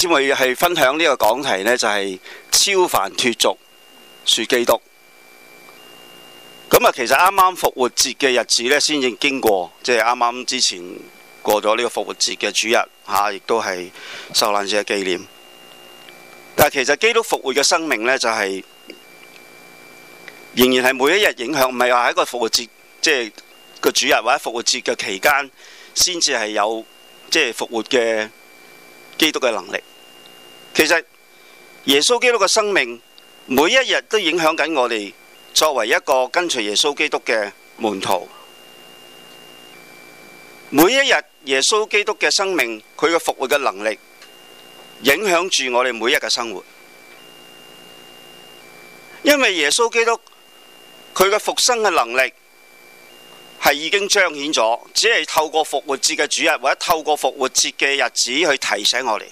先會係分享呢個講題呢就係、是、超凡脫俗，說基督。咁啊，其實啱啱復活節嘅日子呢，先至經過，即係啱啱之前過咗呢個復活節嘅主日嚇，亦都係受難節嘅紀念。但係其實基督復活嘅生命呢、就是，就係仍然係每一日影響，唔係話喺一個復活節，即係個主日或者復活節嘅期間先至係有即係、就是、復活嘅基督嘅能力。其實耶穌基督嘅生命每一日都影響緊我哋作為一個跟隨耶穌基督嘅門徒，每一日耶穌基督嘅生命，佢嘅復活嘅能力影響住我哋每一日嘅生活，因為耶穌基督佢嘅復生嘅能力係已經彰顯咗，只係透過復活節嘅主日或者透過復活節嘅日子去提醒我哋。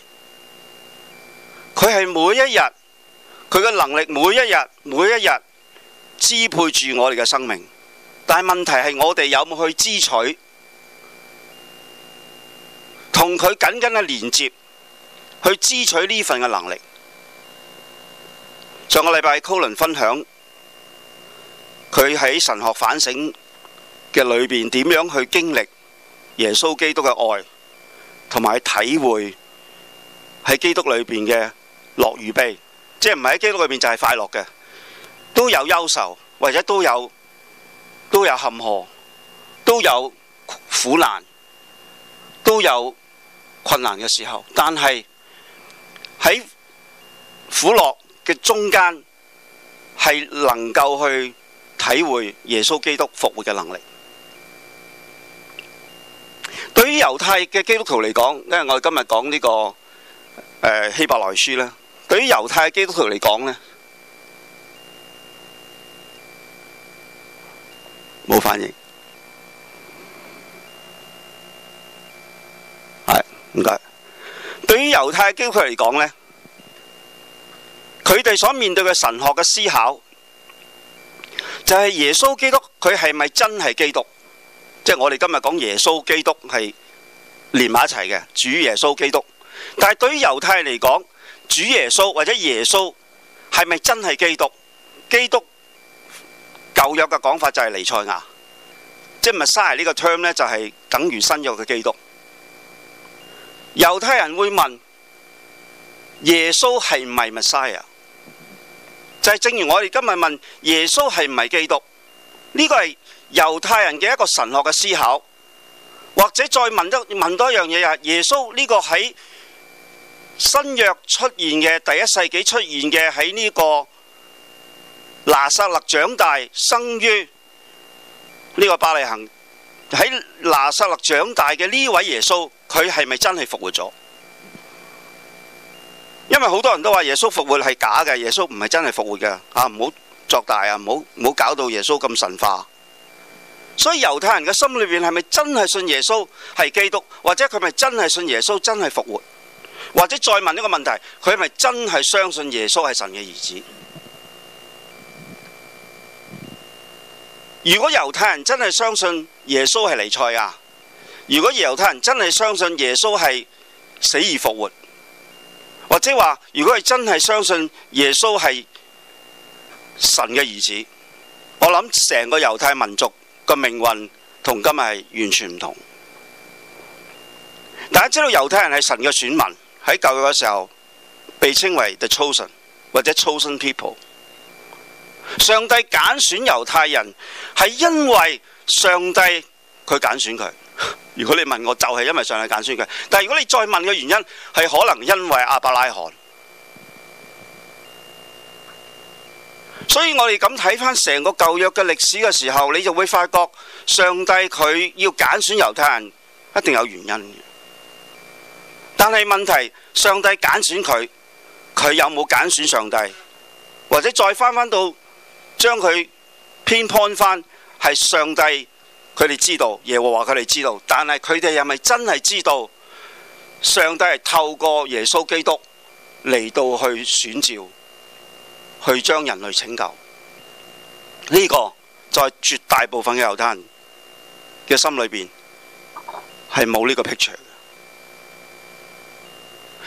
佢係每一日，佢嘅能力每一日每一日支配住我哋嘅生命。但問題係我哋有冇去支取，同佢緊緊嘅連接，去支取呢份嘅能力。上個禮拜高倫分享，佢喺神學反省嘅裏邊點樣去經歷耶穌基督嘅愛，同埋體會喺基督裏邊嘅。樂與悲，即係唔係喺基督裏面，就係快樂嘅，都有憂愁，或者都有都有坎坷，都有苦難，都有困難嘅時候。但係喺苦樂嘅中間，係能夠去體會耶穌基督復活嘅能力。對於猶太嘅基督徒嚟講，因為我哋今日講呢、這個誒希、呃、伯來書咧。對於猶太基督徒嚟講呢，冇反應，係唔該。對於猶太基督徒嚟講呢，佢哋所面對嘅神學嘅思考，就係耶穌基督。佢係咪真係基督？即係我哋今日講耶穌基督係連埋一齊嘅，主耶穌基督，但係對於猶太嚟講。主耶穌或者耶穌係咪真係基督？基督舊約嘅講法就係彌賽亞，即係彌賽亞呢個 term 呢，就係等於新約嘅基督。猶太人會問耶穌係唔係彌賽亞啊？就係正如我哋今日問耶穌係唔係基督，呢個係猶太人嘅一個神學嘅思考，或者再問多問多一樣嘢啊！耶穌呢個喺新約出現嘅第一世紀出現嘅，喺呢個拿撒勒長大，生於呢個伯利恆，喺拿撒勒長大嘅呢位耶穌，佢係咪真係復活咗？因為好多人都話耶穌復活係假嘅，耶穌唔係真係復活嘅啊！唔好作大啊，唔好唔好搞到耶穌咁神化。所以猶太人嘅心裏邊，係咪真係信耶穌係基督，或者佢係咪真係信耶穌真係復活？或者再問一個問題，佢係咪真係相信耶穌係神嘅兒子？如果猶太人真係相信耶穌係彌賽亞，如果猶太人真係相信耶穌係死而復活，或者話如果係真係相信耶穌係神嘅兒子，我諗成個猶太民族嘅命運同今日係完全唔同。大家知道猶太人係神嘅選民。喺舊約嘅時候，被稱為 the chosen 或者 the chosen people。上帝揀選猶太人係因為上帝佢揀選佢。如果你問我就係、是、因為上帝揀選佢，但係如果你再問嘅原因係可能因為亞伯拉罕。所以我哋咁睇翻成個舊約嘅歷史嘅時候，你就會發覺，上帝佢要揀選猶太人一定有原因。但係問題，上帝揀選佢，佢有冇揀選上帝？或者再翻返到將佢偏判翻，係上帝佢哋知道耶和華佢哋知道，但係佢哋係咪真係知道上帝係透過耶穌基督嚟到去選召，去將人類拯救？呢個在絕大部分嘅猶太人嘅心裏邊係冇呢個 picture。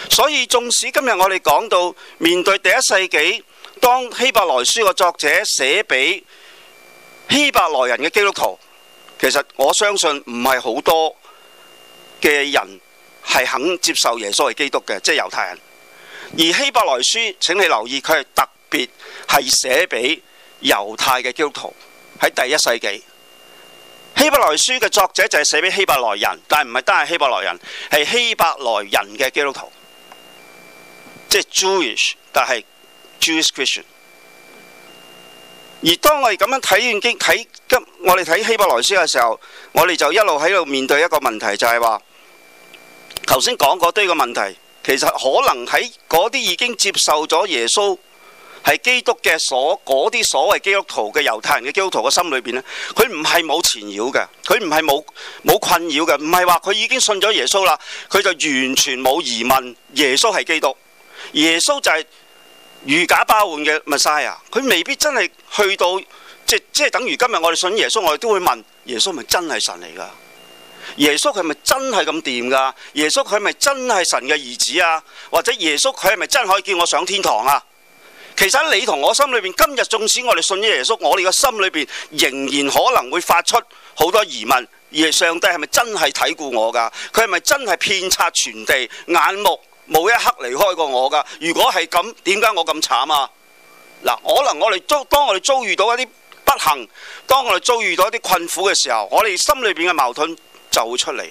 所以，縱使今日我哋講到面對第一世紀，當希伯來書嘅作者寫俾希伯來人嘅基督徒，其實我相信唔係好多嘅人係肯接受耶穌係基督嘅，即係猶太人。而希伯來書請你留意，佢係特別係寫俾猶太嘅基督徒喺第一世紀。希伯來書嘅作者就係寫俾希伯來人，但係唔係單係希伯來人，係希伯來人嘅基督徒。即係 Jewish，但係 Jewish Christian。而當我哋咁樣睇完經，睇緊，我哋睇希伯來書嘅時候，我哋就一路喺度面對一個問題，就係話頭先講嗰堆嘅問題，其實可能喺嗰啲已經接受咗耶穌係基督嘅所嗰啲所謂基督徒嘅猶太人嘅基督徒嘅心裏邊咧，佢唔係冇纏繞嘅，佢唔係冇冇困擾嘅，唔係話佢已經信咗耶穌啦，佢就完全冇疑問耶穌係基督。耶穌就係如假包換嘅彌賽亞啊！佢未必真係去到即即係等於今日我哋信耶穌，我哋都會問耶穌係咪真係神嚟噶？耶穌佢係咪真係咁掂噶？耶穌佢係咪真係神嘅兒子啊？或者耶穌佢係咪真係可以叫我上天堂啊？其實你同我心裏邊，今日縱使我哋信咗耶穌，我哋嘅心裏邊仍然可能會發出好多疑問，耶上帝係咪真係睇顧我噶？佢係咪真係遍察全地眼目？冇一刻離開過我噶。如果係咁，點解我咁慘啊？嗱，可能我哋遭當我哋遭遇到一啲不幸，當我哋遭遇到一啲困苦嘅時候，我哋心裏邊嘅矛盾就會出嚟。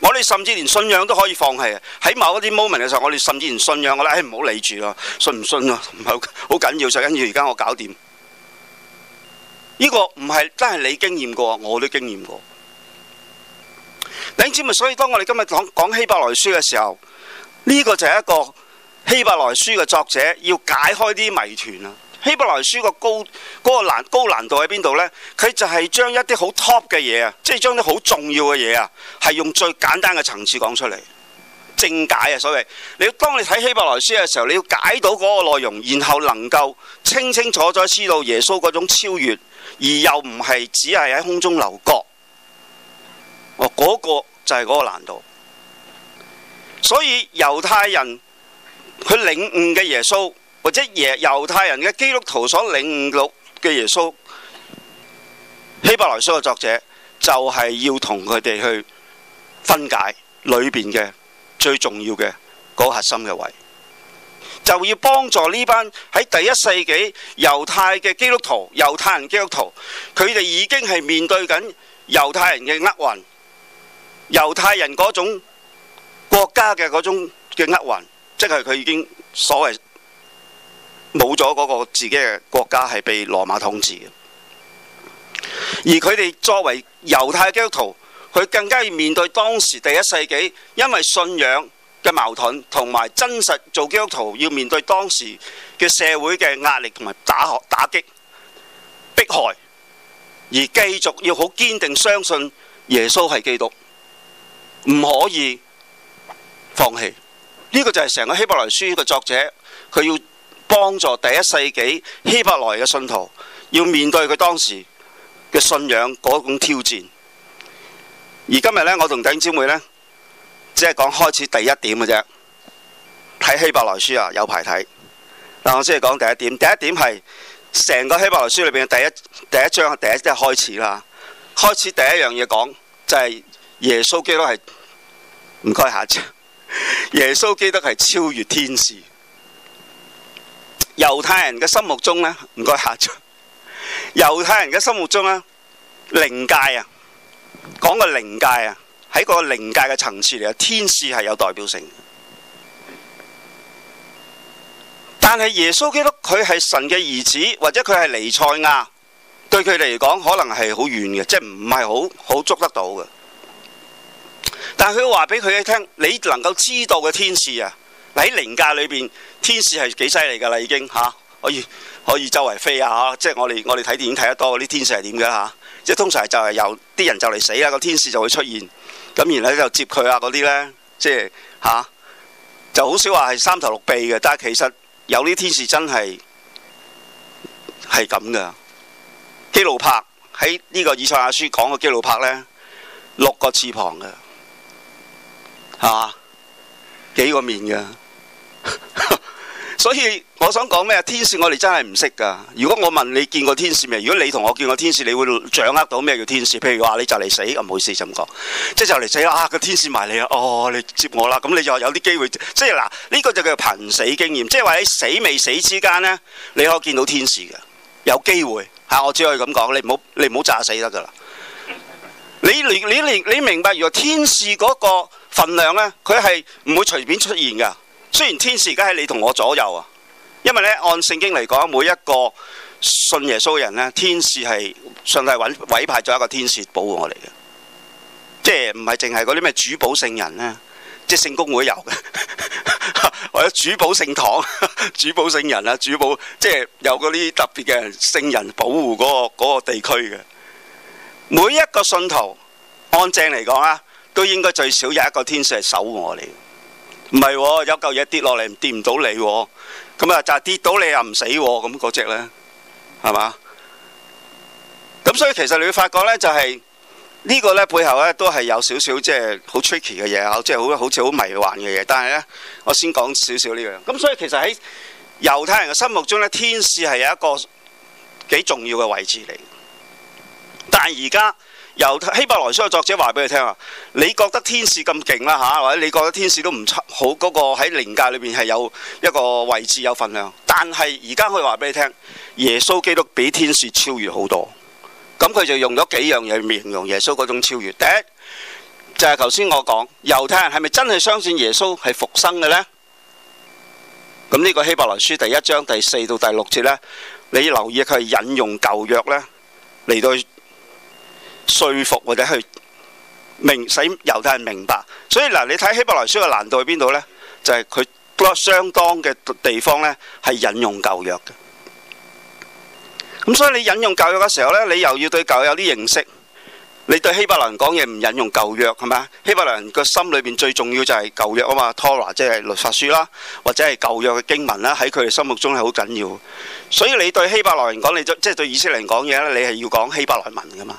我哋甚至連信仰都可以放棄。喺某一啲 moment 嘅時候，我哋甚至連信仰我哋，誒唔好理住咯，信唔信咯，啊，唔係好緊要，就係跟住而家我搞掂。呢、這個唔係真係你經驗過，我都經驗過。你知咪？所以當我哋今日講講希伯來書嘅時候，呢、這個就係一個希伯來書嘅作者要解開啲謎團啦。希伯來書個高嗰、那個難高難度喺邊度呢？佢就係將一啲好 top 嘅嘢啊，即係將啲好重要嘅嘢啊，係用最簡單嘅層次講出嚟，正解啊所謂。你當你睇希伯來書嘅時候，你要解到嗰個內容，然後能夠清清楚楚知道耶穌嗰種超越，而又唔係只係喺空中樓閣。哦，嗰、那個就係嗰個難度。所以猶太人去領悟嘅耶穌，或者耶猶太人嘅基督徒所領悟到嘅耶穌，《希伯來書》嘅作者就係要同佢哋去分解裏面嘅最重要嘅嗰核心嘅位，就要幫助呢班喺第一世紀猶太嘅基督徒、猶太人基督徒，佢哋已經係面對緊猶太人嘅厄運、猶太人嗰種。國家嘅嗰種嘅厄運，即係佢已經所謂冇咗嗰個自己嘅國家係被羅馬統治嘅。而佢哋作為猶太基督徒，佢更加要面對當時第一世紀因為信仰嘅矛盾，同埋真實做基督徒要面對當時嘅社會嘅壓力同埋打打擊、迫害，而繼續要好堅定相信耶穌係基督，唔可以放棄呢、這個就係成個希伯來書嘅作者，佢要幫助第一世紀希伯來嘅信徒，要面對佢當時嘅信仰嗰種挑戰。而今日呢，我同丁姊妹呢，只係講開始第一點嘅啫。睇希伯來書啊，有排睇嗱。但我先係講第一點，第一點係成個希伯來書裏邊嘅第一第一章，第一即係開始啦。開始第一樣嘢講就係、是、耶穌基督係唔該下一次。耶穌基督係超越天使，猶太人嘅心目中呢，唔該下場。猶太人嘅心目中呢，靈界啊，講個靈界啊，喺個靈界嘅層次嚟嘅，天使係有代表性。但係耶穌基督，佢係神嘅兒子，或者佢係尼賽亞，對佢嚟講可能係好遠嘅，即係唔係好好捉得到嘅。但係佢話俾佢聽，你能夠知道嘅天使啊，喺靈界裏邊，天使係幾犀利㗎啦，已經嚇、啊、可以可以周圍飛啊，即係我哋我哋睇電影睇得多啲天使係點嘅嚇，即係通常就係有啲人就嚟死啦，個天使就會出現咁，然後就接佢啊嗰啲呢，即係嚇就好少話係三頭六臂嘅，但係其實有啲天使真係係咁㗎。基路柏喺呢、呢個以賽亞書講嘅基路柏呢，六個翅膀㗎。係、啊、嘛？幾個面嘅， 所以我想講咩啊？天使我哋真係唔識噶。如果我問你見過天使未？如果你同我見過天使，你會掌握到咩叫天使？譬如話你就嚟死，唔好意思咁講，即係就嚟死啦。個、啊、天使埋你，啦，哦，你接我啦。咁你就有啲機會，即係嗱呢個就叫瀕死經驗，即係話喺死未死之間呢，你可以見到天使嘅有機會嚇。我只可以咁講，你唔好你唔好炸死得噶啦。你你，你，你明白，如果天使嗰、那個。份量呢，佢係唔會隨便出現噶。雖然天使而家喺你同我左右啊，因為呢，按聖經嚟講，每一個信耶穌嘅人呢，天使係上帝委派咗一個天使保護我哋嘅，即係唔係淨係嗰啲咩主保聖人呢，即係聖公會有嘅，或者主保聖堂、主保聖人啊、主保即係有嗰啲特別嘅聖人保護嗰個、嗰個地區嘅。每一個信徒按正嚟講啊。都應該最少有一個天使係守我哋，唔係、哦、有嚿嘢跌落嚟唔跌唔到你、哦，咁啊就係跌到你又唔死咁、哦、嗰隻咧，係嘛？咁所以其實你會發覺咧，就係、是、呢個咧背後咧都係有少少即係好 tricky 嘅嘢，即係好好似好迷幻嘅嘢。但係咧，我先講少少呢樣。咁所以其實喺猶太人嘅心目中咧，天使係有一個幾重要嘅位置嚟。但係而家。由希伯來書嘅作者話俾你聽啊，你覺得天使咁勁啦吓，或者你覺得天使都唔差好嗰，那個喺靈界裏面係有一個位置、有份量，但係而家可以話俾你聽，耶穌基督比天使超越好多。咁佢就用咗幾樣嘢去形容耶穌嗰種超越。第一就係頭先我講猶太人係咪真係相信耶穌係復生嘅呢？咁呢個希伯來書第一章第四到第六節呢，你留意佢係引用舊約呢，嚟到，説服或者去明使猶太人明白，所以嗱，你睇希伯來書嘅難度喺邊度呢？就係、是、佢相當嘅地方呢，係引用舊約嘅。咁所以你引用舊約嘅時候呢，你又要對舊約有啲認識。你對希伯來人講嘢唔引用舊約係咪啊？希伯來人個心裏邊最重要就係舊約啊嘛，Tora 即係律法書啦，或者係舊約嘅經文啦，喺佢哋心目中係好緊要。所以你對希伯來人講，你即係、就是、對以色列人講嘢咧，你係要講希伯來文噶嘛。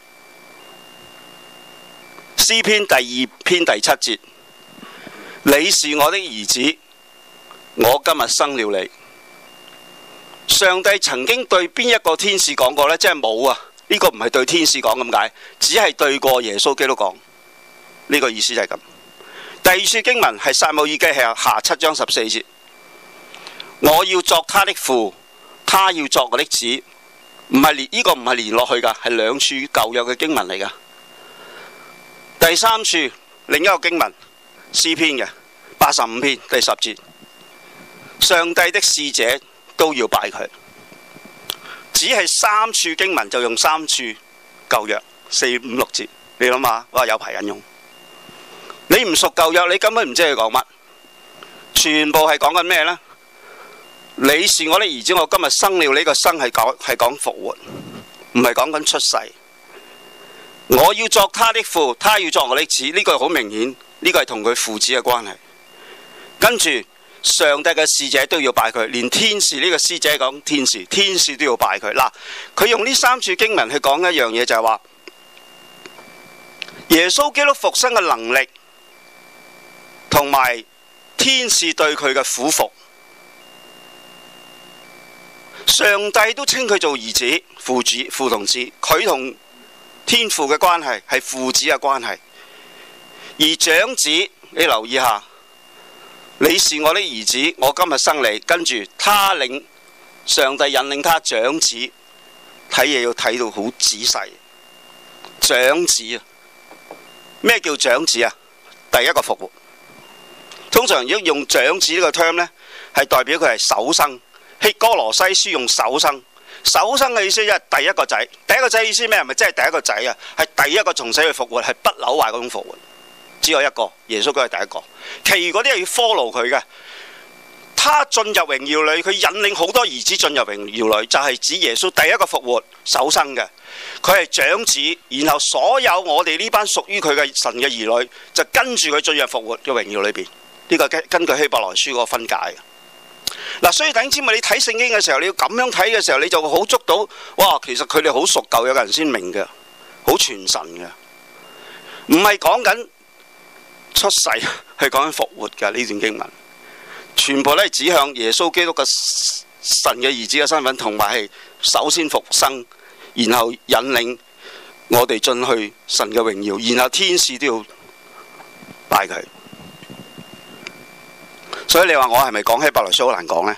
詩篇第二篇第七節，你是我的兒子，我今日生了你。上帝曾經對邊一個天使講過呢？即係冇啊！呢、這個唔係對天使講咁解，只係對過耶穌基督講。呢、這個意思就係咁。第二處經文係撒母耳記係下七章十四節，我要作他的父，他要作我的子。唔係、這個、連呢個唔係連落去噶，係兩處舊約嘅經文嚟噶第三處，另一個經文詩篇嘅八十五篇第十節，上帝的使者都要拜佢。只係三處經文就用三處舊約四五六節，你諗下，我話有排引用。你唔熟舊約，你根本唔知佢講乜。全部係講緊咩呢？「你是我的兒子，我今日生了你個生」係講，係講復活，唔係講緊出世。我要作他的父，他要作我的子。呢句好明顯，呢、呢個係同佢父子嘅關係。跟住上帝嘅使者都要拜佢，連天使呢個使者講天使，天使都要拜佢。嗱，佢用呢三處經文去講一樣嘢，就係話耶穌基督復生嘅能力，同埋天使對佢嘅俯伏，上帝都稱佢做兒子、父子、父同子，佢同。天父嘅關係係父子嘅關係，而長子你留意一下，你是我的兒子，我今日生你，跟住他領上帝引領他長子，睇嘢要睇到好仔細，長子啊，咩叫長子啊？第一個服務，通常要用長子呢個 term 係代表佢係首生，喺歌羅西書用首生。首生嘅意思即係第一個仔，第一個仔意思咩？係咪即係第一個仔啊？係第一個從死去復活，係不朽壞嗰種復活，只有一個，耶穌佢係第一個，其餘嗰啲係要 follow 佢嘅。他進入榮耀裏，佢引領好多兒子進入榮耀裏，就係、是、指耶穌第一個復活首生嘅，佢係長子，然後所有我哋呢班屬於佢嘅神嘅兒女，就跟住佢進入復活嘅榮耀裏邊。呢、這個根根據希伯來書嗰個分解。嗱，所以等知咪你睇聖經嘅時候，你要咁樣睇嘅時候，你就好捉到，哇，其實佢哋好熟舊，有個人先明嘅，好全神嘅，唔係講緊出世，係講緊復活嘅呢段經文，全部都係指向耶穌基督嘅神嘅兒子嘅身份，同埋係首先復生，然後引領我哋進去神嘅榮耀，然後天使都要拜佢。所以你話我係咪講起希伯來書好難講咧？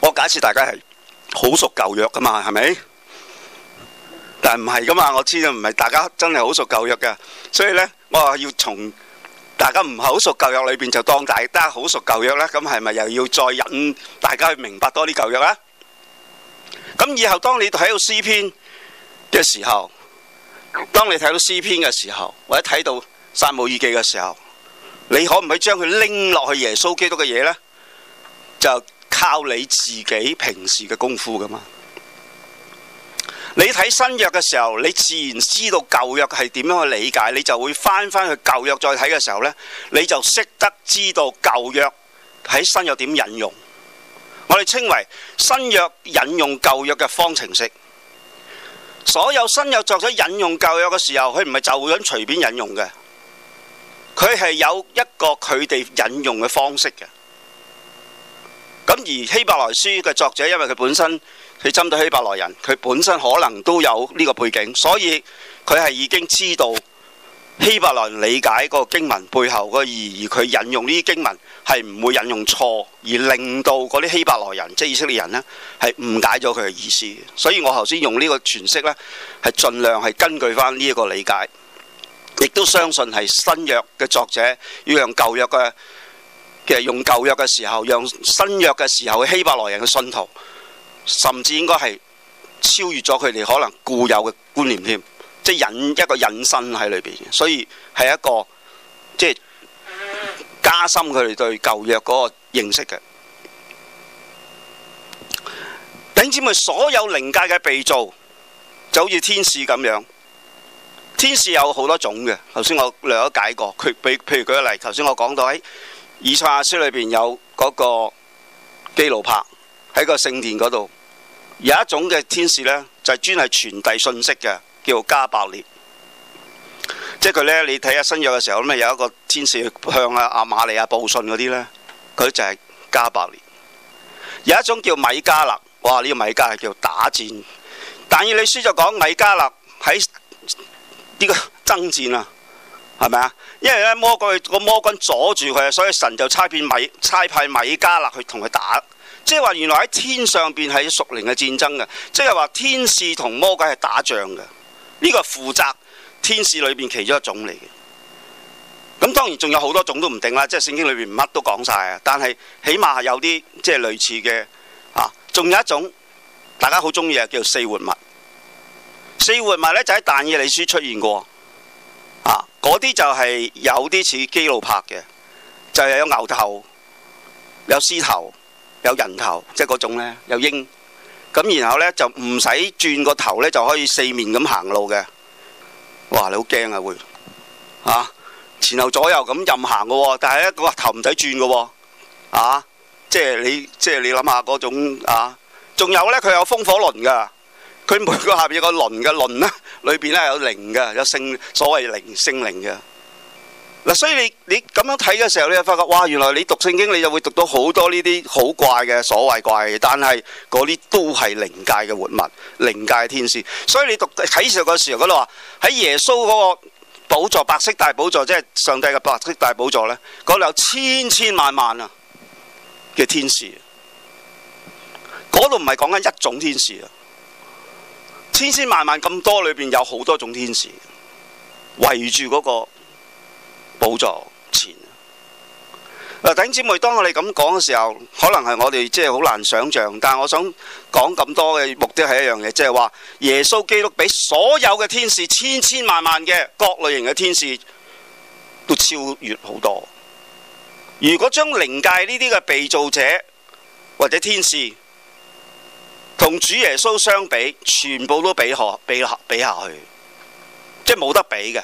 我假設大家係好熟舊約噶嘛，係咪？但唔係噶嘛，我知啊，唔係大家真係好熟舊約嘅。所以咧，我話要從大家唔係好熟舊約裏邊，就當大家好熟舊約啦。咁係咪又要再引大家去明白多啲舊約咧？咁以後當你睇到詩篇嘅時候，當你睇到詩篇嘅時候，或者睇到。生無意記嘅時候，你可唔可以將佢拎落去耶穌基督嘅嘢呢？就靠你自己平時嘅功夫㗎嘛。你睇新約嘅時候，你自然知道舊約係點樣去理解，你就會返返去舊約再睇嘅時候呢，你就識得知道舊約喺新約點引用。我哋稱為新約引用舊約嘅方程式。所有新約作者引用舊約嘅時候，佢唔係就咁隨便引用嘅。佢係有一個佢哋引用嘅方式嘅，咁而希伯來書嘅作者因為佢本身佢針對希伯來人，佢本身可能都有呢個背景，所以佢係已經知道希伯來人理解個經文背後個意義，佢引用呢啲經文係唔會引用錯，而令到嗰啲希伯來人即係以色列人呢，係誤解咗佢嘅意思。所以我頭先用呢個詮釋呢，係盡量係根據返呢一個理解。亦都相信係新約嘅作者要用舊約嘅嘅用舊約嘅時候，用新約嘅時候，希伯來人嘅信徒，甚至應該係超越咗佢哋可能固有嘅觀念添，即係引一個引申喺裏邊，所以係一個即係、就是、加深佢哋對舊約嗰個認識嘅。頂止佢所有靈界嘅被造就好似天使咁樣。天使有好多種嘅，頭先我略咗解過。佢譬如舉個例，頭先我講到喺《以賽亞書》裏邊有嗰個基路柏喺個聖殿嗰度，有一種嘅天使呢，就係、專係傳遞信息嘅，叫加百列。即係佢呢，你睇下新約嘅時候咁咧，有一個天使向阿阿瑪利亞報信嗰啲呢，佢就係加百列。有一種叫米迦勒，哇！呢、呢個米迦係叫打戰。但以理書就講米迦勒喺。呢個爭戰啊，係咪啊？因為咧魔鬼個魔軍阻住佢，所以神就差派米差派米迦勒去同佢打。即係話原來喺天上邊係屬靈嘅戰爭嘅，即係話天使同魔鬼係打仗嘅。呢個係負責天使裏邊其中一種嚟嘅。咁當然仲有好多種都唔定啦，即係聖經裏邊乜都講晒啊。但係起碼有啲即係類似嘅啊。仲有一種大家好中意嘅叫做四活物。四活物咧就喺《但以理書》出現過，啊，嗰啲就係有啲似基路柏嘅，就係有牛頭、有獅頭、有人頭，即係嗰種咧，有鷹。咁然後咧就唔使轉個頭咧，就可以四面咁行路嘅。哇！你好驚啊，會啊，前後左右咁任行嘅，但係咧個頭唔使轉嘅喎，啊，即係你即係你諗下嗰種啊，仲有咧佢有風火輪㗎。佢每個下邊有個輪嘅輪呢裏邊呢有靈嘅，有聖所謂靈聖靈嘅。嗱，所以你你咁樣睇嘅時候，你就發覺哇，原來你讀聖經你就會讀到好多呢啲好怪嘅所謂怪嘅，但係嗰啲都係靈界嘅活物、靈界嘅天使。所以你讀啟示嘅時候，嗰度話喺耶穌嗰個寶座白色大寶座，即係上帝嘅白色大寶座呢，嗰度有千千萬萬啊嘅天使。嗰度唔係講緊一種天使啊。千千萬萬咁多，裏邊有好多種天使圍住嗰個寶座前。啊，弟兄姐妹，當我哋咁講嘅時候，可能係我哋即係好難想像，但係我想講咁多嘅目的係一樣嘢，即係話耶穌基督俾所有嘅天使，千千萬萬嘅各類型嘅天使都超越好多。如果將靈界呢啲嘅被造者或者天使，同主耶穌相比，全部都比，比，比下去，即係冇得比嘅。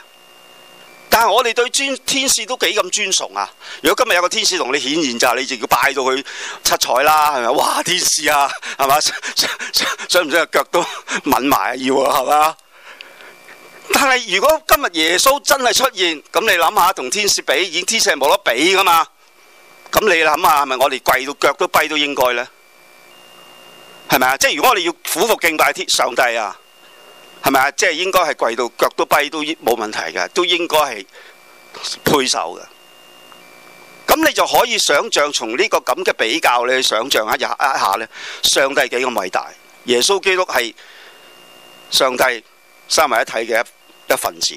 但係我哋對尊天使都幾咁尊崇啊！如果今日有個天使同你顯現咋，你就要拜到佢七彩啦，係咪？哇！天使啊，係嘛？想唔想腳都吻埋啊？要啊，係咪？但係如果今日耶穌真係出現，咁你諗下同天使比，已經天使係冇得比噶嘛？咁你諗下，係咪我哋跪到腳都跛都應該咧？係咪啊？即係如果我哋要俯伏敬拜上帝啊，係咪啊？即係應該係跪到腳都跛都冇問題嘅，都應該係配受嘅。咁你就可以想象從呢個咁嘅比較，你去想象一下一下上帝幾咁偉大，耶穌基督係上帝三位一體嘅一一份子。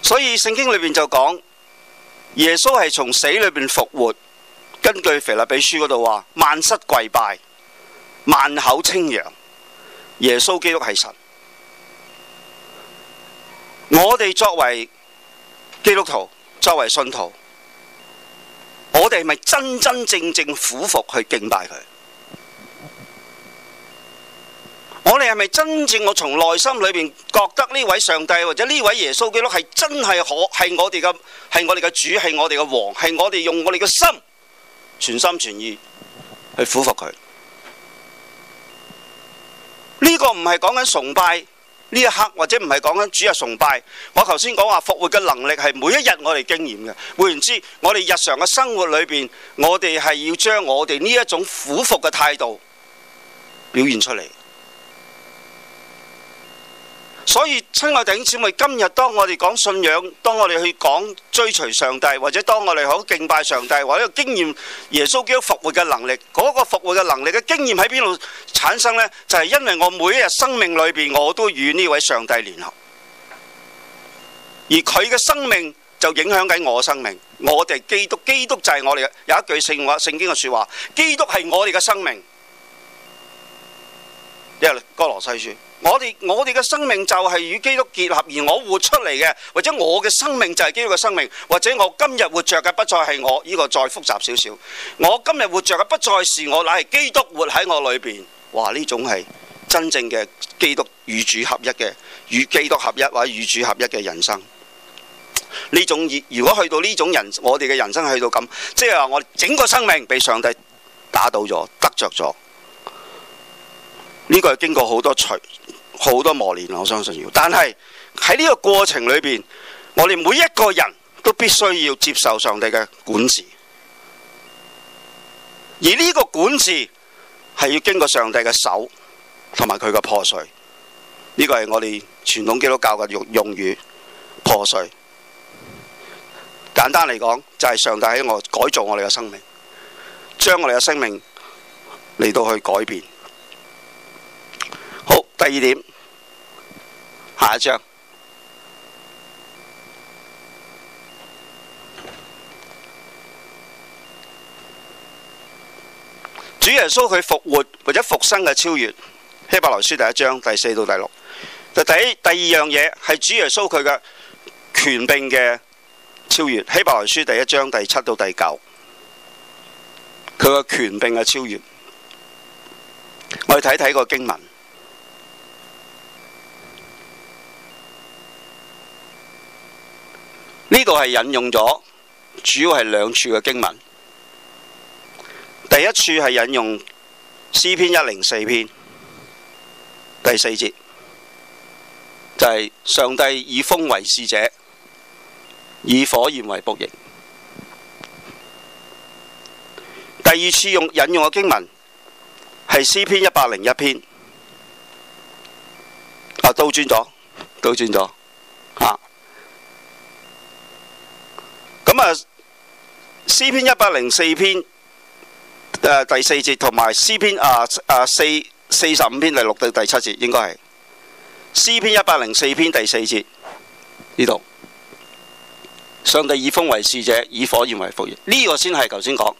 所以聖經裏邊就講，耶穌係從死裏邊復活。根據腓立比書嗰度話：萬膝跪拜，萬口稱揚，耶穌基督係神。我哋作為基督徒，作為信徒，我哋係咪真真正正俯伏去敬拜佢？我哋係咪真正我從內心裏面覺得呢位上帝或者呢位耶穌基督係真係可係我哋嘅，係我哋嘅主，係我哋嘅王，係我哋用我哋嘅心？全心全意去俯伏佢，呢、這個唔係講緊崇拜呢一刻，或者唔係講緊主日崇拜。我頭先講話復活嘅能力係每一日我哋經驗嘅，換言之，我哋日常嘅生活裏邊，我哋係要將我哋呢一種俯伏嘅態度表現出嚟。所以，親愛弟兄姊妹，今日當我哋講信仰，當我哋去講追隨上帝，或者當我哋好敬拜上帝，或者經驗耶穌基督復活嘅能力，嗰個復活嘅能力嘅經驗喺邊度產生咧？就係、是、因為我每一日生命裏邊，我都與呢位上帝聯合，而佢嘅生命就影響喺我嘅生命。我哋基督，基督就係我哋嘅有一句聖話聖經嘅說話：，基督係我哋嘅生命。又係哥羅西書，我哋我哋嘅生命就係與基督結合，而我活出嚟嘅，或者我嘅生命就係基督嘅生命，或者我今日活着嘅不再係我，呢、呢個再複雜少少。我今日活着嘅不再是我，乃係基督活喺我裏邊。哇！呢種係真正嘅基督與主合一嘅，與基督合一或者與主合一嘅人生。呢種，如果去到呢種人，我哋嘅人生去到咁，即係話我整個生命被上帝打倒咗，得着咗。呢、這個係經過好多錘、好多磨練，我相信要，但係喺呢個過程裏邊，我哋每一個人都必須要接受上帝嘅管治，而呢個管治係要經過上帝嘅手同埋佢嘅破碎。呢、這個係我哋傳統基督教嘅用用語——破碎。簡單嚟講，就係上帝喺我改造我哋嘅生命，將我哋嘅生命嚟到去改變。第二點，下一章，主耶穌佢復活或者復生嘅超越，希伯來書第一章第四到第六。第第二樣嘢係主耶穌佢嘅權柄嘅超越，希伯來書第一章第七到第九，佢嘅權柄嘅超越，我哋睇睇個經文。呢度係引用咗，主要係兩處嘅經文。第一處係引用詩篇一零四篇第四節，就係、是、上帝以風為使者，以火焰為僕役。第二次用引用嘅經文係詩篇一百零一篇，啊，都轉咗，都轉咗。咁啊，詩篇一百零四篇第四節，同埋詩篇啊啊四四十五篇第六到第七節應該係詩篇一百零四篇第四節呢度，上帝以風為使者，以火焰為僕役。呢個先係頭先講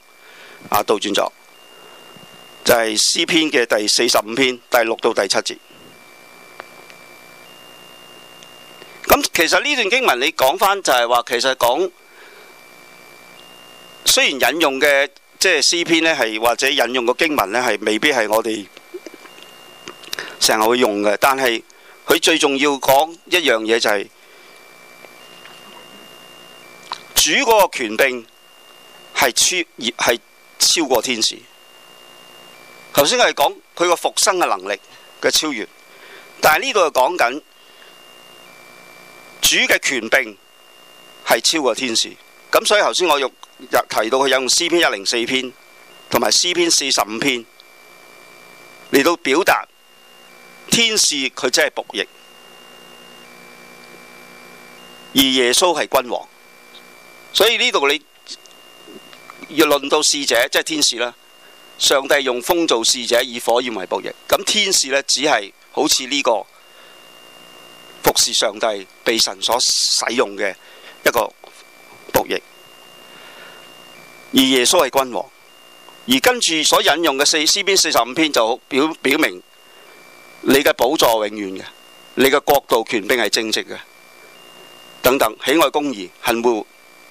啊倒轉咗，就係詩篇嘅第四十五篇第六到第七節。咁其實呢段經文你講返就係話，其實講。雖然引用嘅即係詩篇咧，係或者引用嘅經文咧，係未必係我哋成日會用嘅，但係佢最重要講一樣嘢就係、是、主嗰個權柄係超係超過天使。頭先我哋講佢個復生嘅能力嘅超越，但係呢度係講緊主嘅權柄係超過天使。咁所以頭先我用。提到佢引用詩篇一零四篇同埋詩篇四十五篇嚟到表達天使，佢真係僕役，而耶穌係君王。所以呢度你要論到使者，即係天使啦。上帝用風做使者，以火焰為僕役。咁天使咧、這個，只係好似呢個服侍上帝、被神所使用嘅一個僕役。而耶穌係君王，而跟住所引用嘅四詩篇四十五篇就表表明你嘅寶座永遠嘅，你嘅國度權柄係正直嘅，等等喜愛公義恨惡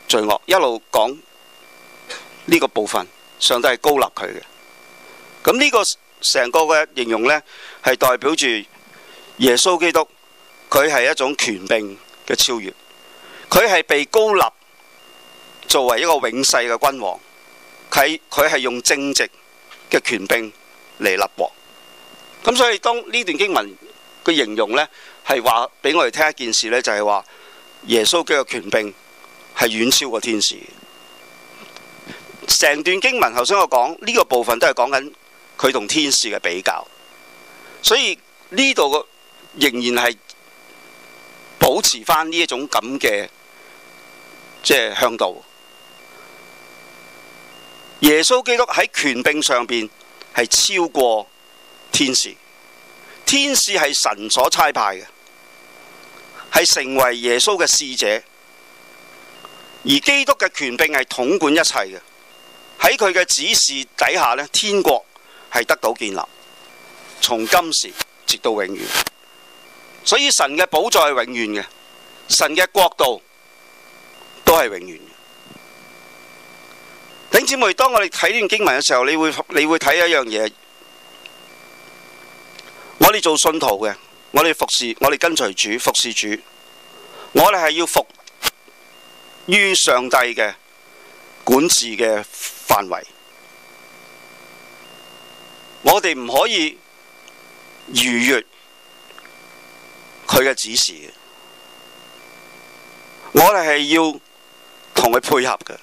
罪惡，一路講呢個部分，上帝係高立佢嘅。咁呢個成個嘅形容呢，係代表住耶穌基督，佢係一種權柄嘅超越，佢係被高立。作為一個永世嘅君王，佢佢係用正直嘅權柄嚟立國。咁所以當呢段經文嘅形容呢，係話俾我哋聽一件事呢，就係、是、話耶穌嘅權柄係遠超過天使的。成段經文頭先我講呢、這個部分都係講緊佢同天使嘅比較，所以呢度嘅仍然係保持翻呢一種咁嘅即係向導。耶穌基督喺權柄上邊係超過天使，天使係神所差派嘅，係成為耶穌嘅使者，而基督嘅權柄係統管一切嘅，喺佢嘅指示底下呢，天國係得到建立，從今時直到永遠。所以神嘅寶座係永遠嘅，神嘅國度都係永遠。弟兄姊妹，當我哋睇呢段經文嘅時候，你會你會睇一樣嘢。我哋做信徒嘅，我哋服侍，我哋跟隨主，服侍主。我哋係要服於上帝嘅管治嘅範圍。我哋唔可以逾越佢嘅指示。我哋係要同佢配合嘅。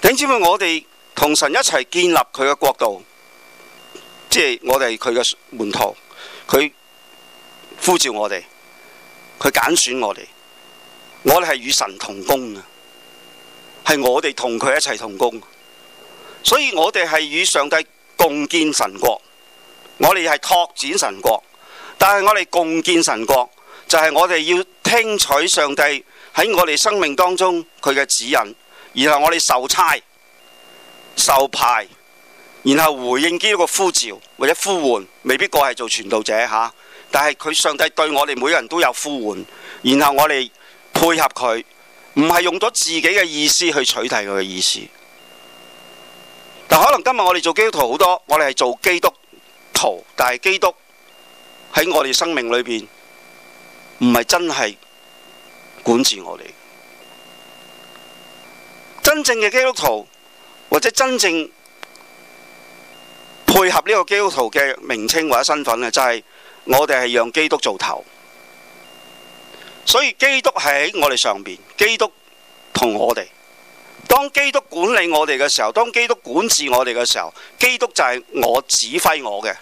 弟兄們，我哋同神一齊建立佢嘅國度，即係我哋佢嘅門徒，佢呼召我哋，佢揀選我哋，我哋係與神同工，係係我哋同佢一齊同工，所以我哋係與上帝共建神國，我哋係拓展神國，但係我哋共建神國就係、是、我哋要聽取上帝喺我哋生命當中佢嘅指引。然後我哋受差、受派，然後回應基督嘅呼召或者呼喚，未必個係做傳道者嚇。但係佢上帝對我哋每個人都有呼喚，然後我哋配合佢，唔係用咗自己嘅意思去取替佢嘅意思。但可能今日我哋做基督徒好多，我哋係做基督徒，但係基督喺我哋生命裏面唔係真係管治我哋。真正嘅基督徒或者真正配合呢個基督徒嘅名稱或者身份嘅，就係我哋係讓基督做頭，所以基督喺我哋上邊，基督同我哋，當基督管理我哋嘅時候，當基督管治我哋嘅時候，基督就係我指揮我嘅，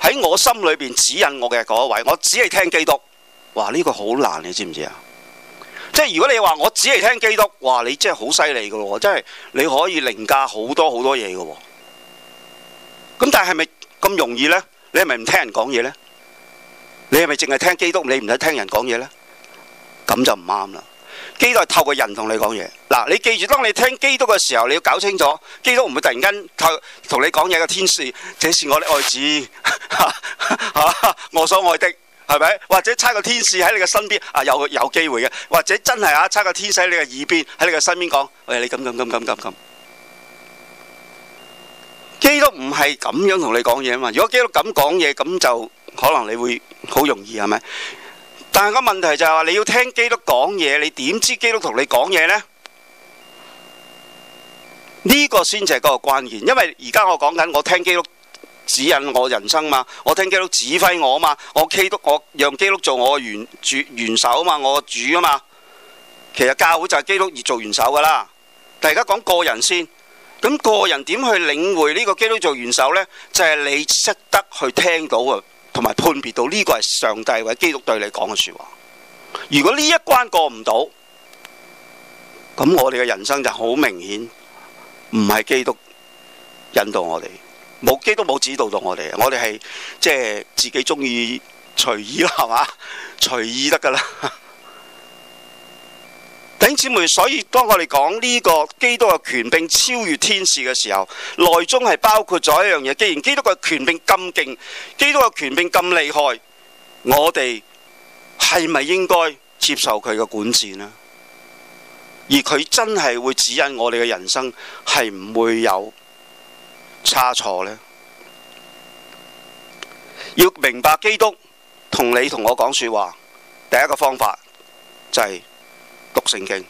喺我心裏邊指引我嘅嗰一位，我只係聽基督。哇，呢個好難，你知唔知啊？即係如果你話我只係聽基督，話你真係好犀利噶咯，真係你可以凌駕好多好多嘢噶喎。咁但係係咪咁容易呢？你係咪唔聽人講嘢呢？你係咪淨係聽基督？你唔使聽人講嘢呢？咁就唔啱啦。基督係透過人同你講嘢。嗱，你記住，當你聽基督嘅時候，你要搞清楚，基督唔會突然間透同你講嘢嘅天使，這是我的愛子，哈哈我所愛的。係咪？或者差個天使喺你嘅身邊啊，有有機會嘅。或者真係啊，差個天使喺你嘅耳邊，喺你嘅身邊講，喂，你咁咁咁咁咁咁。基督唔係咁樣同你講嘢啊嘛。如果基督咁講嘢，咁就可能你會好容易係咪？但係個問題就係話，你要聽基督講嘢，你點知基督同你講嘢呢？呢個先至係嗰個關鍵。因為而家我講緊，我聽基督。指引我人生嘛，我聽基督指揮我嘛，我基督我讓基督做我嘅元主元首啊嘛，我主啊嘛。其實教會就係基督而做元首噶啦。但而家講個人先，咁、那個人點去領會呢個基督做元首咧？就係、是、你識得去聽到啊，同埋判別到呢個係上帝或者基督對你講嘅說話。如果呢一關過唔到，咁我哋嘅人生就好明顯唔係基督引導我哋。冇基督冇指導到我哋，我哋係即係自己中意隨意啦，係嘛？隨意得㗎啦，弟兄 姊妹。所以當我哋講呢個基督嘅權柄超越天使嘅時候，內中係包括咗一樣嘢。既然基督嘅權柄咁勁，基督嘅權柄咁厲害，我哋係咪應該接受佢嘅管治呢？而佢真係會指引我哋嘅人生，係唔會有差錯呢？要明白基督同你同我講說話，第一個方法就係讀聖經。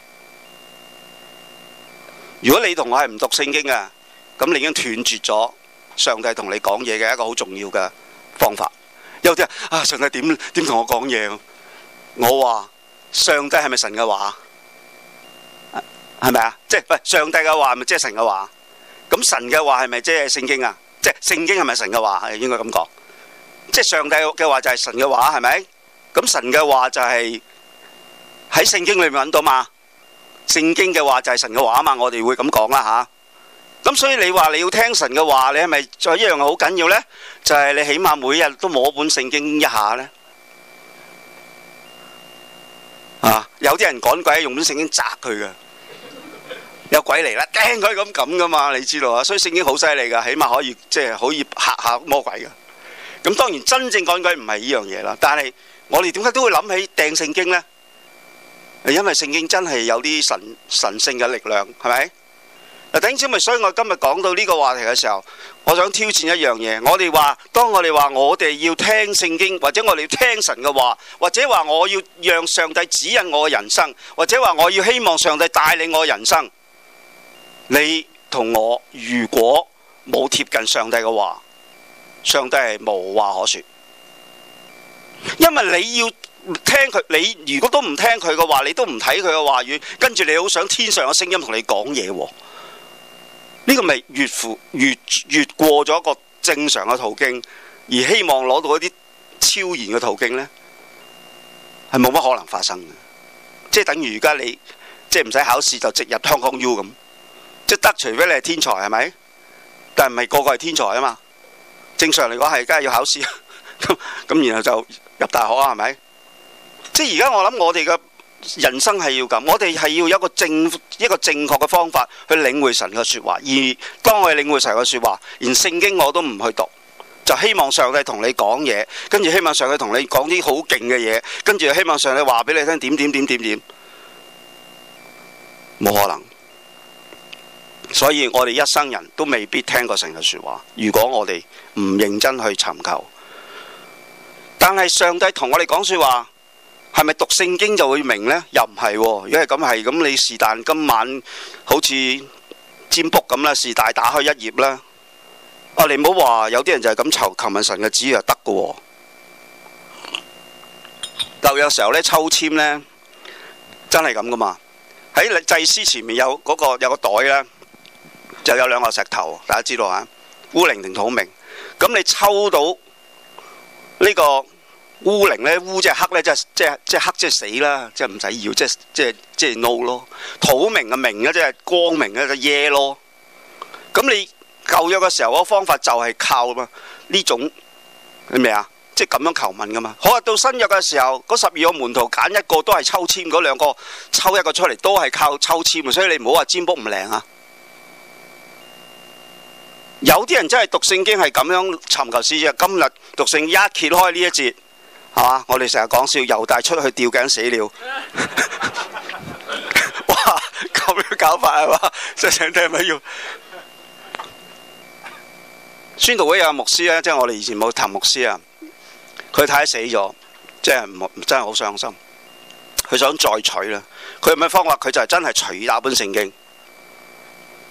如果你同我係唔讀聖經啊，咁你已經斷絕咗上帝同你講嘢嘅一個好重要嘅方法。有啲人啊，上帝點點同我講嘢？我話上帝係咪神嘅話？係咪啊？即係上帝嘅話，話，係咪即係神嘅話？咁神嘅話係咪即係聖經啊？即係聖經係咪神嘅話？係應該咁講，即係上帝嘅話就係神嘅話，係咪？咁神嘅話就係喺聖經裏面揾到嘛？聖經嘅話就係神嘅話嘛？我哋會咁講啦吓。咁所以你話你要聽神嘅話，你係咪再一樣好緊要呢？就係你起碼每日都摸本聖經一下呢。啊！有啲人趕鬼用本聖經砸佢㗎。有鬼嚟啦，掟佢咁咁噶嘛？你知道啊，所以聖經好犀利噶起碼可以即係、就是、可以吓吓魔鬼噶。咁當然真正趕鬼唔係呢樣嘢啦，但係我哋點解都會諗起掟聖經呢？因為聖經真係有啲神神聖嘅力量，係咪？嗱，頂少咪，所以我今日講到呢個話題嘅時候，我想挑戰一樣嘢。我哋話當我哋話我哋要聽聖經，或者我哋要聽神嘅話，或者話我要讓上帝指引我嘅人生，或者話我要希望上帝帶領我嘅人生。你同我如果冇貼近上帝嘅話，上帝係無話可說。因為你要聽佢，你如果都唔聽佢嘅話，你都唔睇佢嘅話語，跟住你好想天上嘅聲音同你講嘢喎。呢、這個咪越乎越越過咗一個正常嘅途徑，而希望攞到一啲超然嘅途徑呢，係冇乜可能發生嘅。即係等於而家你即係唔使考試就直入 Hong Kong U 咁。即得，除非你係天才，係咪？但係唔係個個係天才啊嘛。正常嚟講係，梗係要考試。咁然後就入大學啊，係咪？即係而家我諗我哋嘅人生係要咁，我哋係要有一個正一個正確嘅方法去領會神嘅說話。而當我哋領會神嘅說話，連聖經我都唔去讀，就希望上帝同你講嘢，跟住希望上帝同你講啲好勁嘅嘢，跟住希望上帝話俾你聽點點點點點，冇可能。所以我哋一生人都未必聽過神嘅説話。如果我哋唔認真去尋求，但係上帝同我哋講説話，係咪讀聖經就會明呢？又唔係喎。如果係咁係咁，你是但今晚好似占卜咁啦，是但打開一頁啦。啊，你唔好話有啲人就係咁求求問神嘅旨意啊，得嘅喎。但有時候呢，抽籤呢，真係咁嘅嘛。喺祭司前面有嗰、嗰個有個袋呢。就有兩個石頭，大家知道嚇，烏靈定土明。咁你抽到呢個烏靈咧，烏即係黑咧，即係即係即係黑即係死啦，即係唔使要，即係即係即係 no 咯。土明啊，明啊，即係光明嘅就耶囉。咁你舊約嘅時候個方法就係靠嘛呢種係咪啊？即係咁樣求問噶嘛。好啊，到新約嘅時候，個十二個門徒揀一個都係抽籤，嗰兩個抽一個出嚟都係靠抽籤，所以你唔好話占卜唔靈啊。有啲人真係讀聖經係咁樣尋求思想，今日讀聖經一揭開呢一節，係嘛？我哋成日講笑，猶大出去吊頸死了。 哇！咁樣搞法係嘛、 就是就是？真想聽咪要？宣道會有牧師咧，即係我哋以前冇譚牧師啊。佢太太死咗，即係唔真係好傷心。佢想再娶啦。佢有咩方法？佢就係真係取。意打本聖經。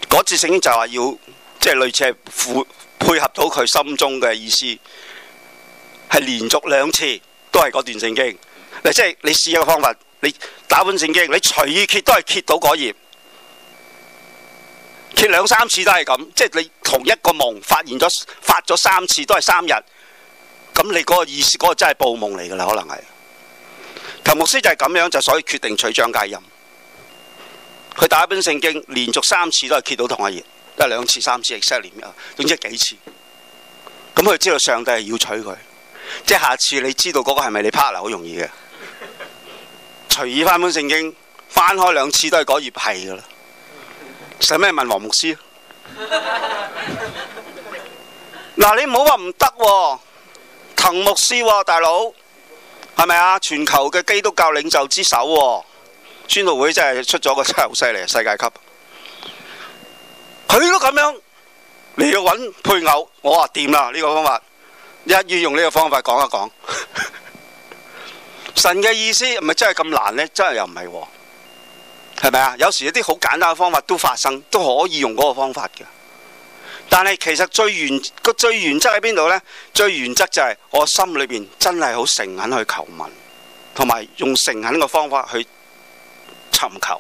嗰節聖經就話要。即係類似係配配合到佢心中嘅意思，係連續兩次都係嗰段聖經。你即係你試一個方法，你打本聖經，你隨意揭都係揭到嗰頁，揭兩三次都係咁。即係你同一個夢發現咗發咗三次都係三日，咁你嗰個意思嗰個真係報夢嚟㗎啦，可能係。頭牧師就係咁樣，就所以決定取張戒任。佢打本聖經，連續三次都係揭到同一頁。得兩次、三次、exactly 啊，總之幾次。咁佢知道上帝係要娶佢，即係下次你知道嗰個係咪你 partner 好容易嘅。隨意翻本聖經，翻開兩次都係嗰頁係嘅啦。使咩問黃牧師？嗱、 啊，你唔好話唔得喎，滕牧師喎、啊，大佬係咪啊？全球嘅基督教領袖之首喎、啊，宣道會真係出咗個真係好犀利，世界級。佢都咁樣，你要搵配偶，我話掂啦，呢、呢個方法，一要用呢個方法講一講。 神嘅意思係咪真係咁難呢？真係又唔係、啊，係咪啊？有時一啲好簡單嘅方法都發生，都可以用嗰個方法嘅。但係其實最原個最原則喺邊度呢？最原則就係我心裏邊真係好誠懇去求問，同埋用誠懇嘅方法去尋求。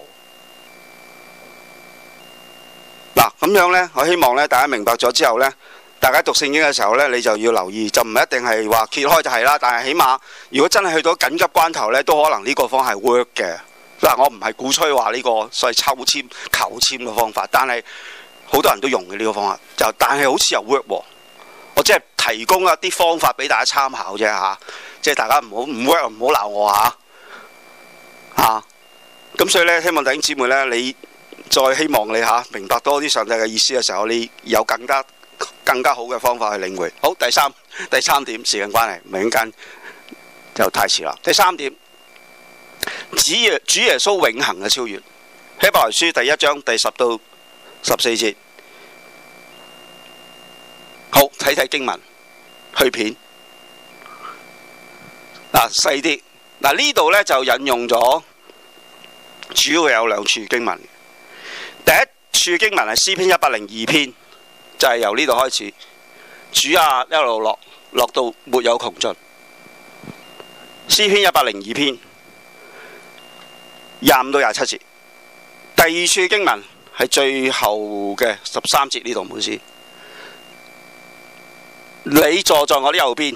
咁樣呢，我希望咧，大家明白咗之後呢，大家讀聖經嘅時候呢，你就要留意，就唔一定係話揭開就係啦。但係起碼，如果真係去到緊急關頭呢，都可能呢個方係 work 嘅。嗱，我唔係鼓吹話呢個所謂抽籤求籤嘅方法，但係好多人都用嘅呢個方法。就但係好似又 work 喎。我即係提供一啲方法俾大家參考啫吓、啊，即係大家唔好唔 work 唔好鬧我吓吓。咁、啊啊、所以呢，希望弟兄姊妹呢。你。再希望你嚇明白多啲上帝嘅意思嘅時候，你有更加更加好嘅方法去領會。好，第三第三點，時間關係，民間就太遲啦。第三點，主耶主耶穌永恆嘅超越《希伯來書》第一章第十到十四節。好，睇睇經文，去片。嗱細啲嗱，呢度呢就引用咗主要有兩處經文。第一處經文係詩篇一百零二篇，就係、是、由呢度開始，主啊一路落落到沒有窮盡。詩篇一百零二篇廿五到廿七節。第二處經文係最後嘅十三節呢度牧師，你坐在我啲右邊，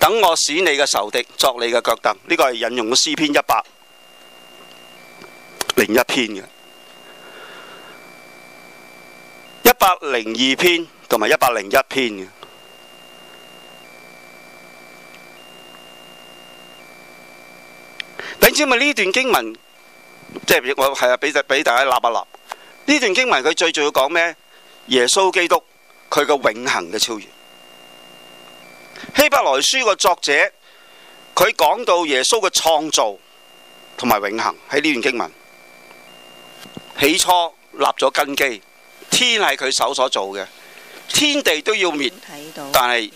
等我使你嘅仇敵作你嘅腳凳。呢、這個係引用咗詩篇一百零一篇嘅。一百零二篇同埋一百零一篇嘅，你知唔知呢段經文？即係我係啊，俾大家立一立。呢段經文佢最重要講咩？耶穌基督佢個永恆嘅超越。希伯來書個作者佢講到耶穌嘅創造同埋永恆喺呢段經文，起初立咗根基。天係佢手所做嘅，天地都要滅，但係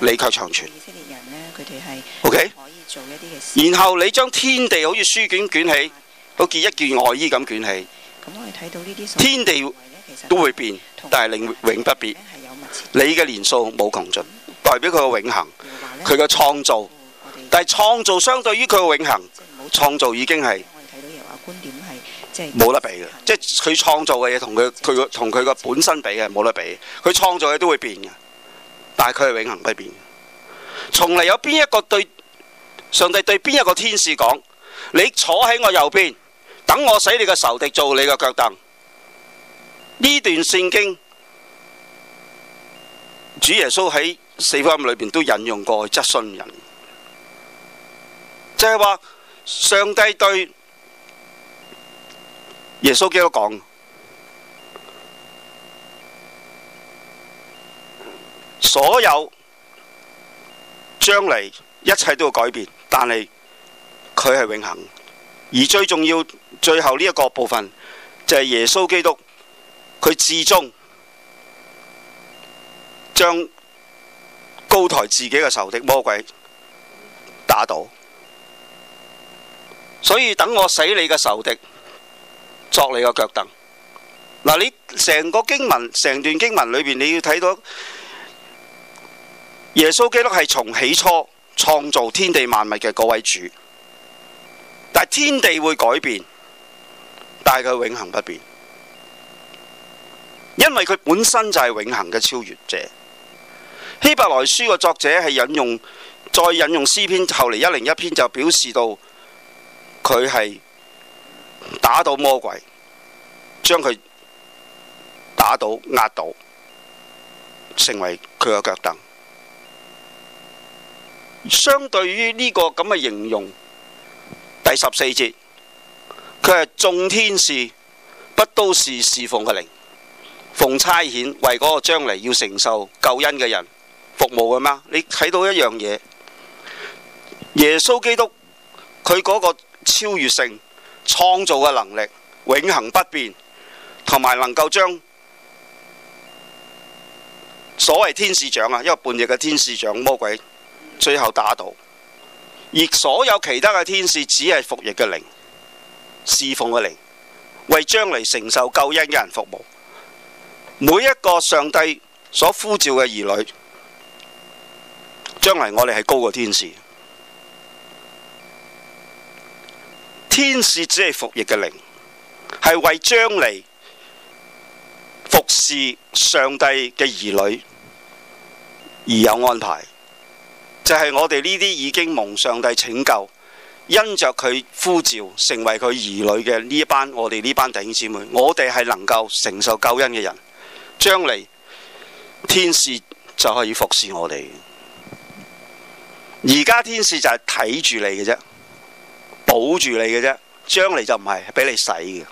你卻長存。OK，以色列人咧，佢哋係可以做一啲嘅。然後你將天地好似書卷捲起，好似一件外衣咁捲起。咁我睇到呢啲，天地都會變，但係靈永不變。你嘅年數冇窮盡，代表佢嘅永恆。佢嘅創造，但係創造相對於佢嘅永恆，創造已經係。冇得比嘅，即係佢創造嘅嘢同佢佢同佢個本身比嘅冇得比，佢創造嘅都會變嘅，但係佢係永恆不變。從嚟有邊一個對上帝對邊一個天使講，你坐喺我右邊，等我使你嘅仇敵做你嘅腳凳？呢段聖經主耶穌喺四福音裏邊都引用過去質詢人，即係話上帝對。耶穌基督講：所有將來一切都會改變，但係佢係永恒。而最重要，最後呢一個部分就係、是、耶穌基督，佢至終將高抬自己嘅仇敵魔鬼打倒。所以等我死，你嘅仇敵。作你個腳凳。嗱，你成個經文，成段經文裏邊，你要睇到耶穌基督係從起初創造天地萬物嘅嗰位主。但係天地會改變，但係佢永恆不變，因為佢本身就係永恆嘅超越者。希伯來書嘅作者係引用，再引用詩篇後嚟一零一篇就表示到佢係。打到魔鬼，將佢打到壓到，成為佢嘅腳凳。相對於呢個咁嘅形容，第十四節佢係眾天使不都是侍奉嘅靈，奉差遣為嗰個將來要承受救恩嘅人服務嘅嘛？你睇到一樣嘢，耶穌基督佢嗰個超越性。創造嘅能力永恆不變，同埋能夠將所謂天使長啊，一個半夜嘅天使長魔鬼最後打倒，而所有其他嘅天使只係服役嘅靈，侍奉嘅靈，為將嚟承受救恩嘅人服務。每一個上帝所呼召嘅兒女，將嚟我哋係高過天使。天使只係服役嘅靈，係為將嚟服侍上帝嘅兒女而有安排。就係、是、我哋呢啲已經蒙上帝拯救，因着佢呼召成為佢兒女嘅呢一班我哋呢班弟兄姊妹，我哋係能夠承受救恩嘅人，將嚟天使就可以服侍我哋。而家天使就係睇住你嘅啫。.保住你嘅啫，將嚟就唔係俾你洗嘅，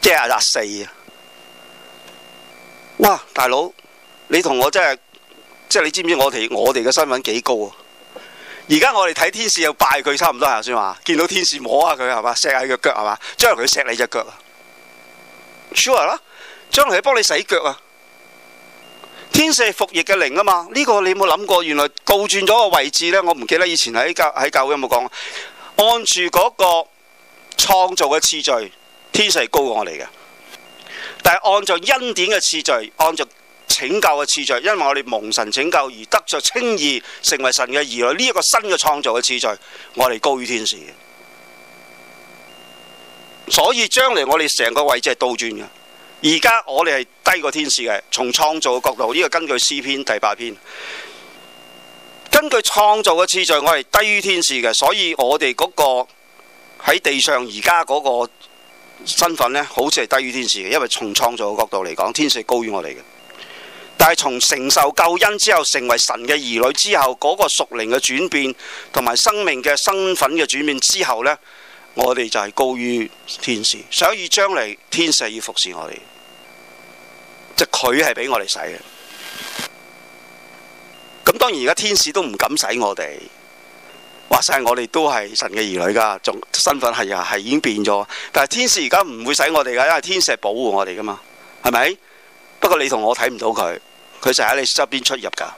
即係廿四啊！哇，大佬，你同我真係，即係你知唔知我哋我哋嘅身份幾高啊？而家我哋睇天使又拜佢差唔多係算話，見到天使摸下佢係嘛，錫下佢腳係嘛，將來佢錫你隻腳啊，sure 啦，將來佢幫你洗腳啊！天使係服役嘅靈啊嘛，呢個你有冇諗過？原來倒轉咗個位置呢，我唔記得以前喺教喺教會有冇講。按住嗰個創造嘅次序，天使係高過我哋嘅，但係按照恩典嘅次序，按照拯救嘅次序，因為我哋蒙神拯救而得着稱義成為神嘅兒女，呢一個新嘅創造嘅次序，我哋高於天使。所以將來我哋成個位置係倒轉嘅。而家我哋係低過天使嘅，從創造嘅角度，呢、這個根據詩篇第八篇，根據創造嘅次序，我係低於天使嘅。所以我、那個，我哋嗰個喺地上而家嗰個身份呢，好似係低於天使嘅，因為從創造嘅角度嚟講，天使高於我哋嘅。但係從承受救恩之後，成為神嘅兒女之後，嗰、那個屬靈嘅轉變同埋生命嘅身份嘅轉變之後呢，我哋就係高於天使。所以將來，天使要服侍我哋。即佢係俾我哋使嘅，咁當然而家天使都唔敢使我哋，話晒我哋都係神嘅兒女㗎，仲身份係啊係已經變咗，但係天使而家唔會使我哋㗎，因為天使係保護我哋㗎嘛，係咪？不過你同我睇唔到佢，佢就喺你側邊出入㗎，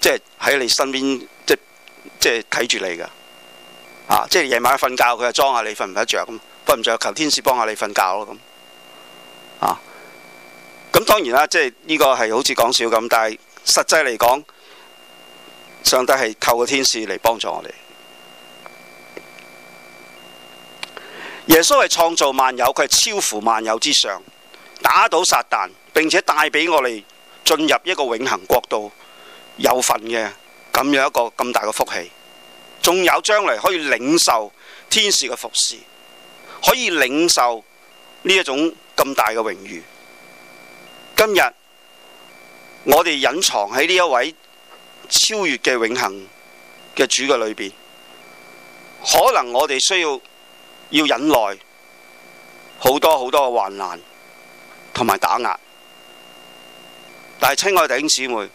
即係喺你身邊，即即係睇住你㗎，啊！即係夜晚瞓覺，佢就裝下你瞓唔得著，瞓唔着，求天使幫下你瞓覺咯咁。咁當然啦，即係呢個係好似講笑咁，但係實際嚟講，上帝係靠個天使嚟幫助我哋。耶穌係創造萬有，佢係超乎萬有之上，打倒撒旦，並且帶俾我哋進入一個永恆國度有份嘅咁樣一個咁大嘅福氣，仲有將來可以領受天使嘅服侍，可以領受呢一種咁大嘅榮譽。今日我哋隱藏喺呢一位超越嘅永恆嘅主嘅裏邊，可能我哋需要要忍耐好多好多嘅患難同埋打壓，但係親愛的弟兄姊妹，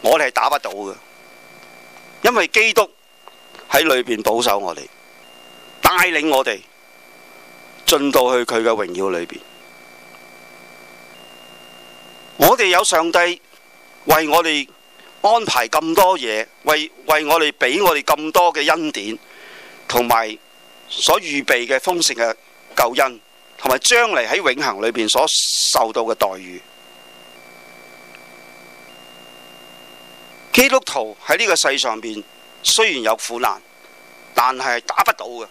我哋係打不到倒嘅，因為基督喺裏邊保守我哋，帶領我哋進到去佢嘅榮耀裏邊。我哋有上帝為我哋安排咁多嘢，為為我哋俾我哋咁多嘅恩典，同埋所預備嘅豐盛嘅救恩，同埋將來喺永恒裏邊所受到嘅待遇。基督徒喺呢個世上邊雖然有苦難，但係打不到嘅。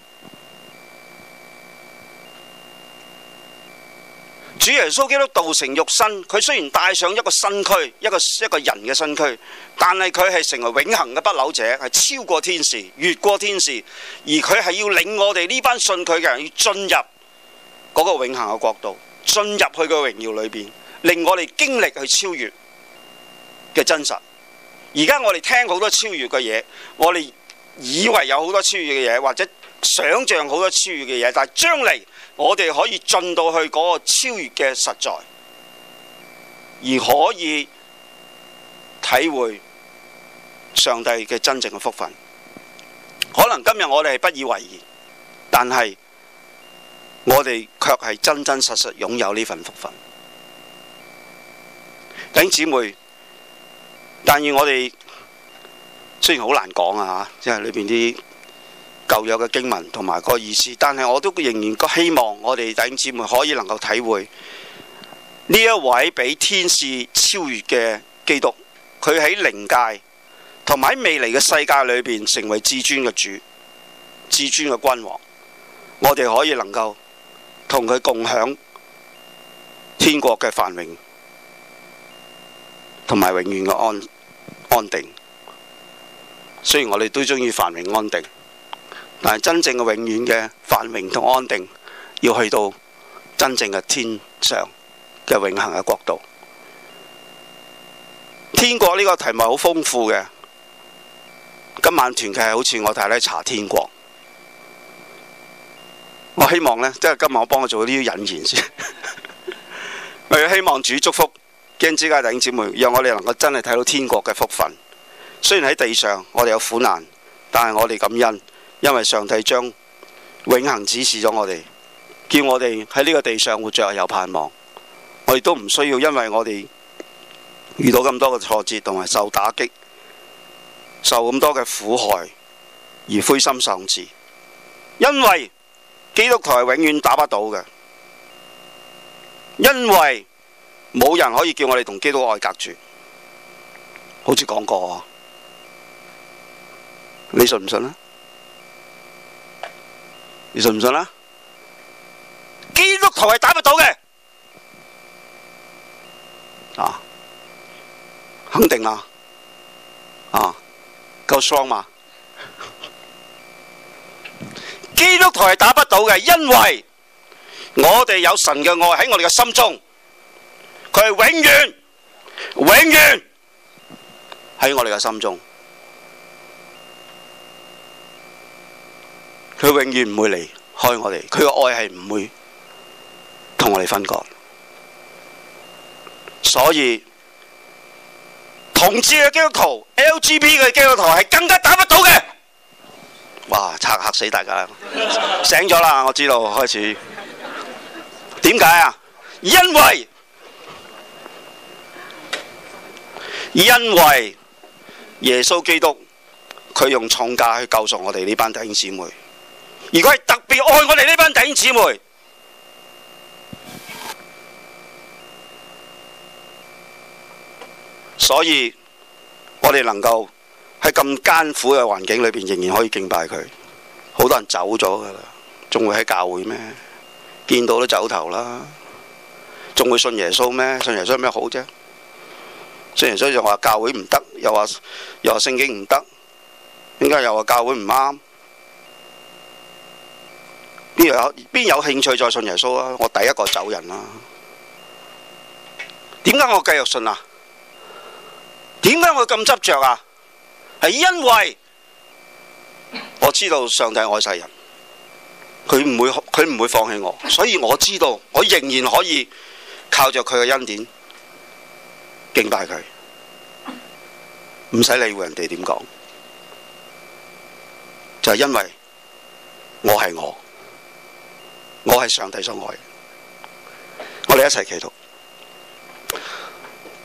主耶穌基督道,道成肉身，佢雖然帶上一個身軀，一個一個人嘅身軀，但係佢係成為永恒嘅不朽者，係超過天使，越過天使，而佢係要領我哋呢班信佢嘅人，要進入嗰個永恒嘅國度，進入佢嘅榮耀裏邊，令我哋經歷去超越嘅真實。而家我哋聽好多超越嘅嘢，我哋以為有好多超越嘅嘢，或者想象好多超越嘅嘢，但係將嚟。我哋可以進到去嗰個超越嘅實在，而可以體會上帝嘅真正嘅福分。可能今日我哋係不以為然，但係我哋卻係真真實實擁有呢份福分。弟兄姊妹，但願我哋雖然好難講啊嚇，即係裏邊啲。舊有嘅經文同埋個意思，但係我都仍然希望，我哋弟兄姊妹可以能夠體會呢一位比天使超越嘅基督，佢喺靈界同埋未來嘅世界裏邊成為至尊嘅主、至尊嘅君王。我哋可以能夠同佢共享天國嘅繁榮同埋永遠嘅安安定。雖然我哋都中意繁榮安定。但係真正嘅永遠嘅繁榮同安定，要去到真正嘅天上嘅永恒嘅國度。天國呢個題目好豐富嘅。今晚團契係好似我哋喺查天國。我希望呢，即係今晚我幫我做呢啲引言先。我希望主祝福，基恩之家弟兄姊妹，讓我哋能夠真係睇到天國嘅福分。雖然喺地上我哋有苦難，但係我哋感恩。因為上帝將永恒指示咗我哋，叫我哋喺呢個地上活着有盼望。我哋都唔需要，因為我哋遇到咁多嘅挫折同埋受打擊，受咁多嘅苦害而灰心喪志。因為基督徒係永遠打不倒嘅，因為冇人可以叫我哋同基督愛隔絕。好似講過啊，你信唔信呢？你信唔信啦？基督徒係打不倒嘅，啊，肯定啦，啊，夠爽嘛？基督徒係打不倒嘅，因為我哋有神嘅愛喺我哋嘅心中，佢係永遠、永遠喺我哋嘅心中。佢永遠唔會離開我哋，佢個愛係唔會同我哋分割，所以同志嘅基督徒、LGBT 嘅基督徒係更加打不到嘅。哇！嚇嚇死大家啦，醒咗啦，我知道開始。點解啊？因為因為耶穌基督佢用重價去救贖我哋呢班弟兄姊妹。如果係特別愛我哋呢班弟兄姊妹，所以我哋能夠喺咁艱苦嘅環境裏邊，仍然可以敬拜佢。好多人走咗噶啦，仲會喺教會咩？見到都走頭啦，仲會信耶穌咩？信耶穌有咩好啫？信耶穌就話教會唔得，又話又話聖經唔得，點解又話教會唔啱？邊有，邊有興趣再信耶穌啊？我第一個走人啦，啊。點解我繼續信啊？點解我咁執着啊？係因為我知道上帝愛世人，佢唔會佢唔會放棄我，所以我知道我仍然可以靠着佢嘅恩典敬拜佢，唔使理會人哋點講。就係、是、因為，我係我。我係上帝所愛，我哋一齊祈禱。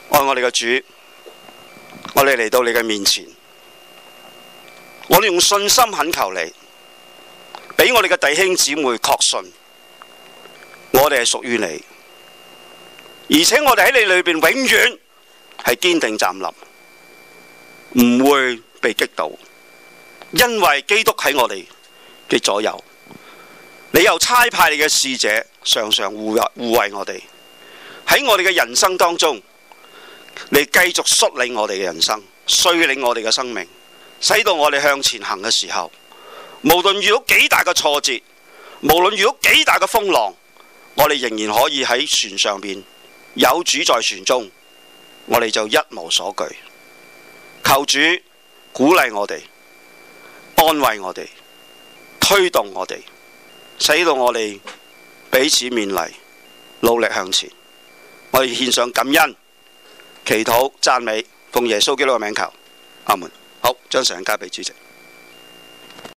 愛我哋嘅主，我哋嚟到你嘅面前，我哋用信心懇求你，俾我哋嘅弟兄姊妹確信，我哋係屬於你，而且我哋喺你裏邊永遠係堅定站立，唔會被擊倒，因為基督喺我哋嘅左右。你又差派你嘅使者常常護護衛我哋，喺我哋嘅人生當中，你繼續率領我哋嘅人生，率領我哋嘅生命，使到我哋向前行嘅時候，無論遇到幾大嘅挫折，無論遇到幾大嘅風浪，我哋仍然可以喺船上邊有主在船中，我哋就一無所懼。求主鼓勵我哋，安慰我哋，推動我哋。使到我哋彼此勉勵，努力向前。我哋獻上感恩、祈禱讚美，奉耶穌基督嘅名求。阿門。好，將時間交俾主席。